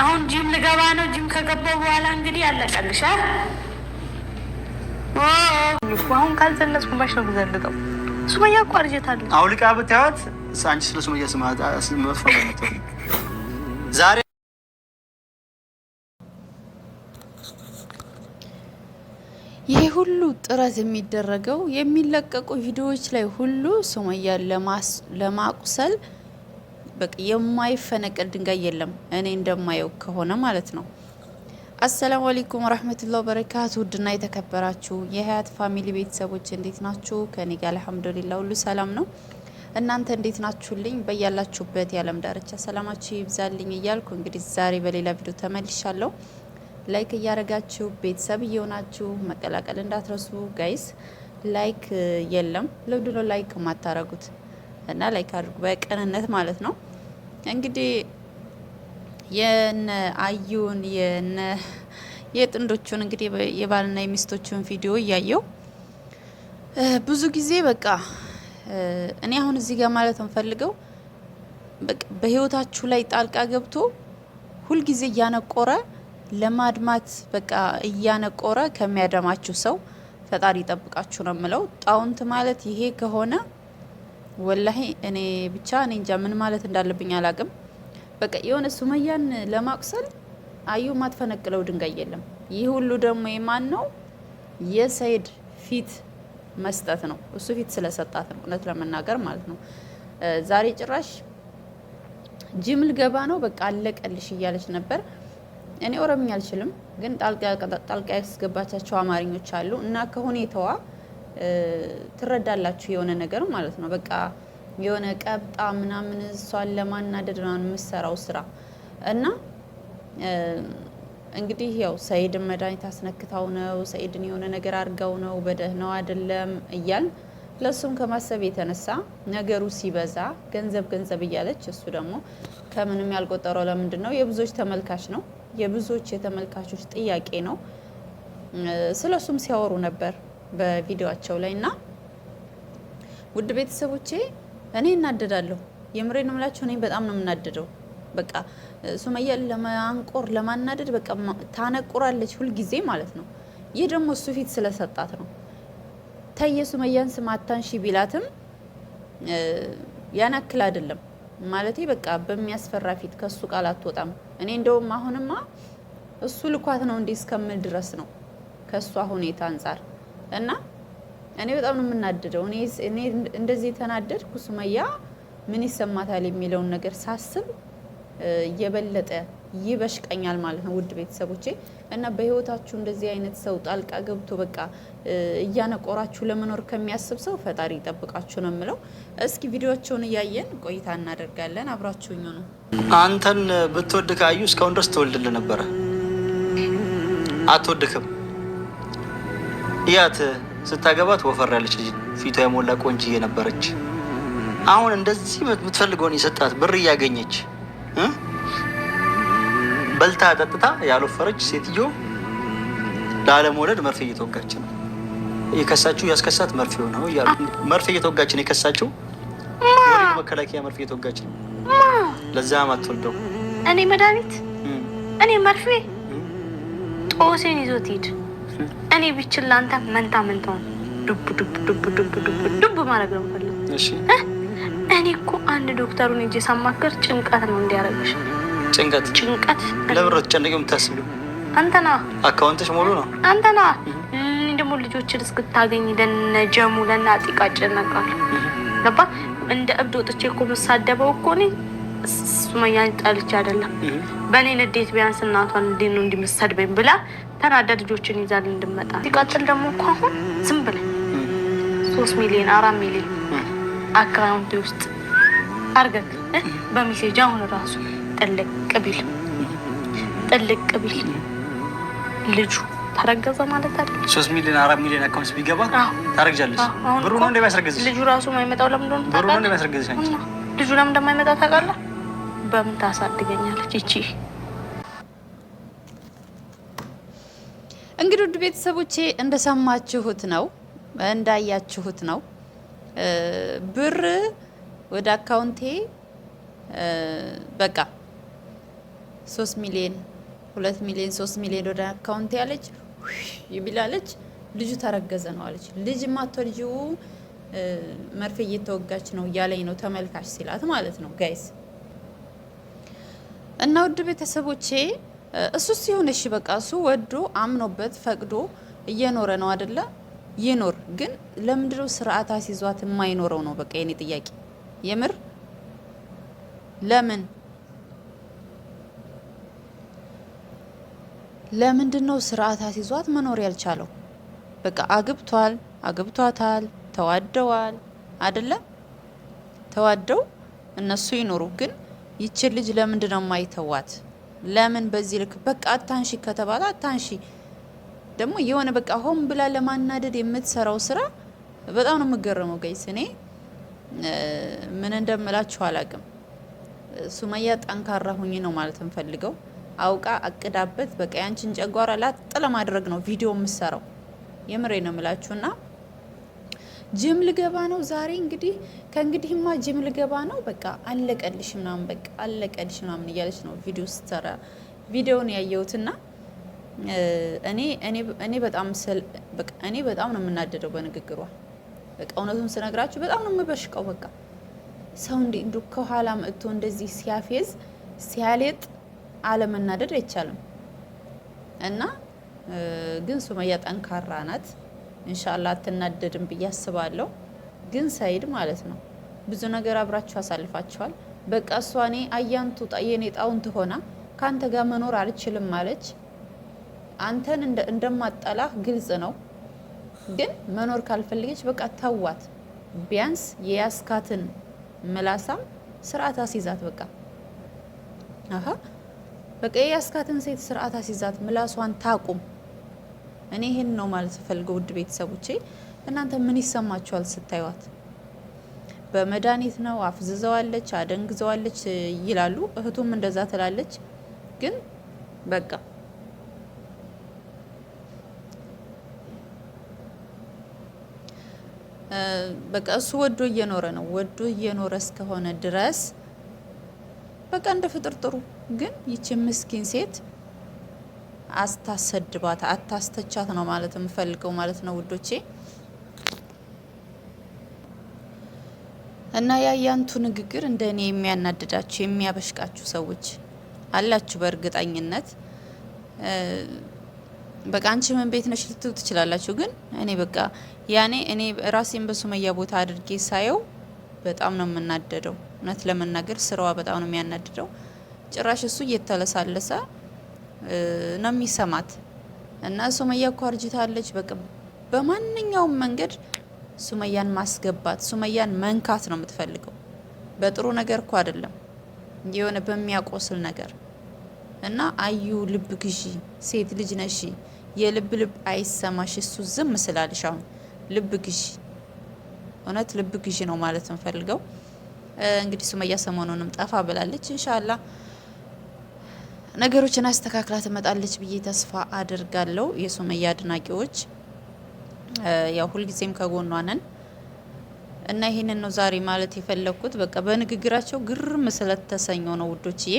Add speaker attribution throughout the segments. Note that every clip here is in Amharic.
Speaker 1: አሁን ጅም ልገባ ነው። ጅም ከገባው በኋላ እንግዲህ አለቀልሻል። አሁን ካልዘነጽኩባሽ ነው ዘንጠው ሱመያ እኮ አርጀታለች።
Speaker 2: አውልቃ ብታያት አንቺ ስለ ሱመያ ስመጥፎ ዛሬ
Speaker 1: ይሄ ሁሉ ጥረት የሚደረገው የሚለቀቁ ቪዲዮዎች ላይ ሁሉ ሱመያን ለማቁሰል የሚደበቅ የማይፈነቀል ድንጋይ የለም፣ እኔ እንደማየው ከሆነ ማለት ነው። አሰላሙ አለይኩም ወራህመቱላሂ ወበረካቱ። ውድና የተከበራችሁ የሀያት ፋሚሊ ቤተሰቦች እንዴት ናችሁ? ከኔ ጋር አልሐምዱሊላ ሁሉ ሰላም ነው። እናንተ እንዴት ናችሁልኝ? በያላችሁበት የዓለም ዳርቻ ሰላማችሁ ይብዛልኝ እያልኩ እንግዲህ ዛሬ በሌላ ቪዲዮ ተመልሻለሁ። ላይክ እያደረጋችሁ ቤተሰብ እየሆናችሁ መቀላቀል እንዳትረሱ ጋይስ። ላይክ የለም ለምንድነው ላይክ የማታረጉት? እና ላይክ አድርጉ በቅንነት ማለት ነው። እንግዲህ የነ አዩን የነ የጥንዶቹን እንግዲህ የባልና የሚስቶቹን ቪዲዮ እያየው ብዙ ጊዜ በቃ እኔ አሁን እዚህ ጋር ማለት እንፈልገው በህይወታችሁ ላይ ጣልቃ ገብቶ ሁልጊዜ እያነቆረ ለማድማት በቃ እያነቆረ ከሚያደማችሁ ሰው ፈጣሪ ይጠብቃችሁ ነው የምለው። ጣውንት ማለት ይሄ ከሆነ ወላሂ እኔ ብቻ እኔ እንጃ ምን ማለት እንዳለብኝ አላቅም። በቃ የሆነ ሱመያን ለማቁሰል አዩ ማትፈነቅለው ድንጋይ የለም። ይህ ሁሉ ደግሞ የማን ነው? የሰይድ ፊት መስጠት ነው። እሱ ፊት ስለሰጣት ነው፣ እውነት ለመናገር ማለት ነው። ዛሬ ጭራሽ ጅም ልገባ ነው በቃ አለቀልሽ እያለች ነበር። እኔ ኦሮምኛ አልችልም፣ ግን ጣልቃ ያስገባቻቸው አማርኞች አሉ እና ከሁኔታዋ ትረዳላችሁ የሆነ ነገር ማለት ነው። በቃ የሆነ ቀብጣ ምናምን እሷን ለማናደድ ምናምን የምትሰራው ስራ እና እንግዲህ ያው ሰኢድን መድኃኒት አስነክታው ነው ሰኢድን የሆነ ነገር አድርገው ነው በደህናው አይደለም እያል ለእሱም ከማሰብ የተነሳ ነገሩ ሲበዛ ገንዘብ ገንዘብ እያለች እሱ ደግሞ ከምንም ያልቆጠረው ለምንድን ነው? የብዙዎች ተመልካች ነው፣ የብዙዎች የተመልካቾች ጥያቄ ነው። ስለ እሱም ሲያወሩ ነበር። በቪዲዮቸው ላይ እና ውድ ቤተሰቦቼ እኔ እናደዳለሁ። ነው እምላችሁ እኔ በጣም ነው የምናደደው። በቃ ሱመያን ለማንቆር ለማናደድ በቃ ታነቁራለች ሁልጊዜ ማለት ነው። ይህ ደግሞ እሱ ፊት ስለሰጣት ነው። ተየ ሱመያን ስም አታንሺ ቢላትም ያናክል አይደለም ማለት በቃ በሚያስፈራ ፊት ከሱ ቃል አትወጣም። እኔ እንደውም አሁንማ እሱ ልኳት ነው እንዴ እስከምል ድረስ ነው ከእሷ ሁኔታ አንጻር እና እኔ በጣም ነው የምናደደው። እኔ እንደዚህ የተናደድኩ ሱመያ ምን ይሰማታል የሚለውን ነገር ሳስብ የበለጠ ይበሽቀኛል ማለት ነው። ውድ ቤተሰቦቼ እና በህይወታችሁ እንደዚህ አይነት ሰው ጣልቃ ገብቶ በቃ እያነቆራችሁ ለመኖር ከሚያስብ ሰው ፈጣሪ ይጠብቃችሁ ነው የምለው። እስኪ ቪዲዮቸውን እያየን ቆይታ እናደርጋለን። አብራችሁኝ ነው።
Speaker 2: አንተን ብትወድ ካዩ እስካሁን ድረስ ትወልድልህ ነበረ፣ አትወድክም እያት ስታገባት ወፈር ያለች ልጅ ፊቷ የሞላ ቆንጅዬ ነበረች። አሁን እንደዚህ የምትፈልገውን የሰጣት ብር እያገኘች በልታ ጠጥታ ያልወፈረች ሴትዮ ላለመውለድ መርፌ እየተወጋች ነው። የከሳችው ያስከሳት መርፌው ነው እያሉ መርፌ እየተወጋች ነው የከሳችው። መከላከያ መርፌ እየተወጋች ነው። ለዛም አትወልደው።
Speaker 1: እኔ መድኃኒት እኔ መርፌ ጦሴን ይዞት ሂድ እኔ ብችል ለአንተ መንታ መንታውን ዱብ ዱብ ዱብ ዱብ ዱብ ዱብ ማድረግ ነው ፈልግ። እኔ እኮ አንድ ዶክተሩን እጅ ሳማክር ጭንቀት ነው እንዲያደርግሽ። ጭንቀት ጭንቀት
Speaker 2: ለብሮ ጨነቂ የምታስቢው አንተ ነዋ። አካውንትሽ ሙሉ ነው
Speaker 1: አንተ ነዋ። እኔ ደግሞ ልጆችን እስክታገኝ ለነ ጀሙ ለና አጢቃ ጨነቃል። ገባ እንደ እብድ ወጥቼ እኮ መሳደበው እኮ እኔ ሱመያን ጠልቼ አይደለም። በእኔ ንዴት ቢያንስ እናቷን እንዲኑ ነው እንዲመሰድበኝ ብላ ተናዳ ልጆችን ይዛል እንድመጣ ሲቀጥል ደግሞ እኮ አሁን ዝም ብለ ሶስት ሚሊዮን አራት ሚሊዮን አካውንት ውስጥ አርገን በሚሴጅ አሁን ራሱ ጥልቅ ቢል ጥልቅ ቢል ልጁ ተረገዘ ማለት አይደለም።
Speaker 2: ሶስት ሚሊዮን አራት ሚሊዮን አካውንት ቢገባ ታረግጃለች። ብሩ ነው እንደሚያስረገዝሽ
Speaker 1: ልጁ ራሱ የማይመጣው ለምንድን ነው?
Speaker 2: ብሩ ነው እንደሚያስረገዝሽ
Speaker 1: ልጁ ለምን እንደማይመጣ ታውቃለህ? በምን ታሳድገኛለች ይቺ? እንግዲህ ውድ ቤተሰቦቼ እንደሰማችሁት ነው እንዳያችሁት ነው ብር ወደ አካውንቴ በቃ ሶስት ሚሊዮን ሁለት ሚሊዮን ሶስት ሚሊዮን ወደ አካውንቴ አለች ይብላለች። ልጁ ተረገዘ ነው አለች። ልጅ ማቶ ልጁ መርፌ እየተወጋች ነው እያለኝ ነው ተመልካች ሲላት ማለት ነው ጋይስ እና ውድ ቤተሰቦቼ እሱ ሲሆን እሺ በቃ እሱ ወዶ አምኖበት ፈቅዶ እየኖረ ነው አደለ? ይኖር። ግን ለምንድነው ስርዓት አስይዟት የማይኖረው ነው በቃ የኔ ጥያቄ የምር ለምን ለምንድን ስርዓት አስይዟት መኖር ያልቻለው? በቃ አግብቷል፣ አግብቷታል፣ ተዋደዋል አይደለም? ተዋደው እነሱ ይኖሩ ግን ይችን ልጅ ለምንድን ነው የማይተዋት? ለምን በዚህ ልክ በቃ አታንሺ ከተባለ አታንሺ። ደግሞ የሆነ በቃ ሆን ብላ ለማናደድ የምትሰራው ስራ በጣም ነው የምገረመው። ጋይስ እኔ ምን እንደምላችሁ አላቅም። ሱመያ ጠንካራ ሁኝ ነው ማለት እንፈልገው። አውቃ አቅዳበት በቃ ያንቺን ጨጓራ ላጥ ለማድረግ ነው ቪዲዮ የምሰራው። የምሬ ነው የምላችሁና ጅም ልገባ ነው ዛሬ እንግዲህ ከእንግዲህማ ጅም ልገባ ነው በቃ አለቀልሽ ምናምን በቃ አለቀልሽ ምናምን እያለች ነው ቪዲዮ ስትሰራ ቪዲዮን ያየሁትና እኔ እኔ በጣም እኔ በጣም ነው የምናደደው በንግግሯ። በቃ እውነቱን ስነግራችሁ በጣም ነው የምበሽቀው። በቃ ሰው እንዲ እንዱ ከኋላ መጥቶ እንደዚህ ሲያፌዝ ሲያሌጥ አለመናደድ አይቻልም። እና ግን ሱመያ ጠንካራ ናት። እንሻላ አትናደድም ብዬ አስባለሁ። ግን ሰይድ ማለት ነው ብዙ ነገር አብራችሁ አሳልፋችኋል። በቃ እሷ እኔ አያንቱ የኔ ጣውንት ሆና ከአንተ ጋር መኖር አልችልም ማለች። አንተን እንደማጠላህ ግልጽ ነው፣ ግን መኖር ካልፈልገች በቃ ተዋት። ቢያንስ የያስካትን ምላሳም ስርዓት አስይዛት። በቃ አሀ በቃ የያስካትን ሴት ስርዓት አስይዛት፣ ምላሷን ታቁም። እኔ ይሄን ነው ማለት ፈልገው ውድ ቤተሰቦቼ፣ እናንተ ምን ይሰማችኋል ስታዩት? በመድኃኒት ነው አፍዝዘዋለች፣ አደንግዘዋለች ይላሉ። እህቱም እንደዛ ትላለች። ግን በቃ በቃ እሱ ወዶ እየኖረ ነው። ወዶ እየኖረ እስከሆነ ድረስ በቃ እንደ ፍጥር ጥሩ። ግን ይቺ ምስኪን ሴት አስታሰድባት አታስተቻት ነው ማለት የምፈልገው ማለት ነው ውዶቼ። እና ያያንቱ ንግግር እንደ እኔ የሚያናድዳችሁ የሚያበሽቃችሁ ሰዎች አላችሁ በእርግጠኝነት። በቃ አንቺ ምን ቤት ነሽ ልትሉ ትችላላችሁ። ግን እኔ በቃ ያኔ እኔ ራሴን በሱመያ ቦታ አድርጌ ሳየው በጣም ነው የምናደደው። እውነት ለመናገር ስራዋ በጣም ነው የሚያናድደው። ጭራሽ እሱ እየተለሳለሰ ነው የሚሰማት እና ሱመያ እኮ አርጅታለች። በቃ በማንኛውም መንገድ ሱመያን ማስገባት ሱመያን መንካት ነው የምትፈልገው። በጥሩ ነገር እኮ አይደለም የሆነ በሚያቆስል ነገር እና አዩ ልብ ግዢ፣ ሴት ልጅ ነሽ፣ የልብ ልብ አይሰማሽ። እሱ ዝም ስላልሽ አሁን ልብ ግዢ፣ እውነት ልብ ግዢ ነው ማለት እንፈልገው። እንግዲህ ሱመያ ሰሞኑንም ጠፋ ብላለች። ኢንሻአላህ ነገሮችን አስተካክላ ትመጣለች ብዬ ተስፋ አድርጋለሁ። የሱመያ አድናቂዎች ያው ሁልጊዜም ከጎኗ ነን እና ይህንን ነው ዛሬ ማለት የፈለግኩት። በቃ በንግግራቸው ግርም ስለተሰኘው ነው ውዶችዬ፣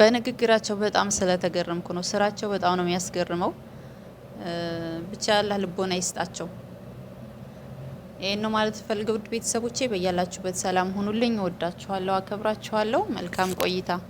Speaker 1: በንግግራቸው በጣም ስለተገረምኩ ነው። ስራቸው በጣም ነው የሚያስገርመው። ብቻ ያላ ልቦና ይስጣቸው። ይህን ነው ማለት ፈልገው ውድ ቤተሰቦቼ፣ በያላችሁበት ሰላም ሁኑልኝ። ወዳችኋለሁ፣ አከብራችኋለሁ። መልካም ቆይታ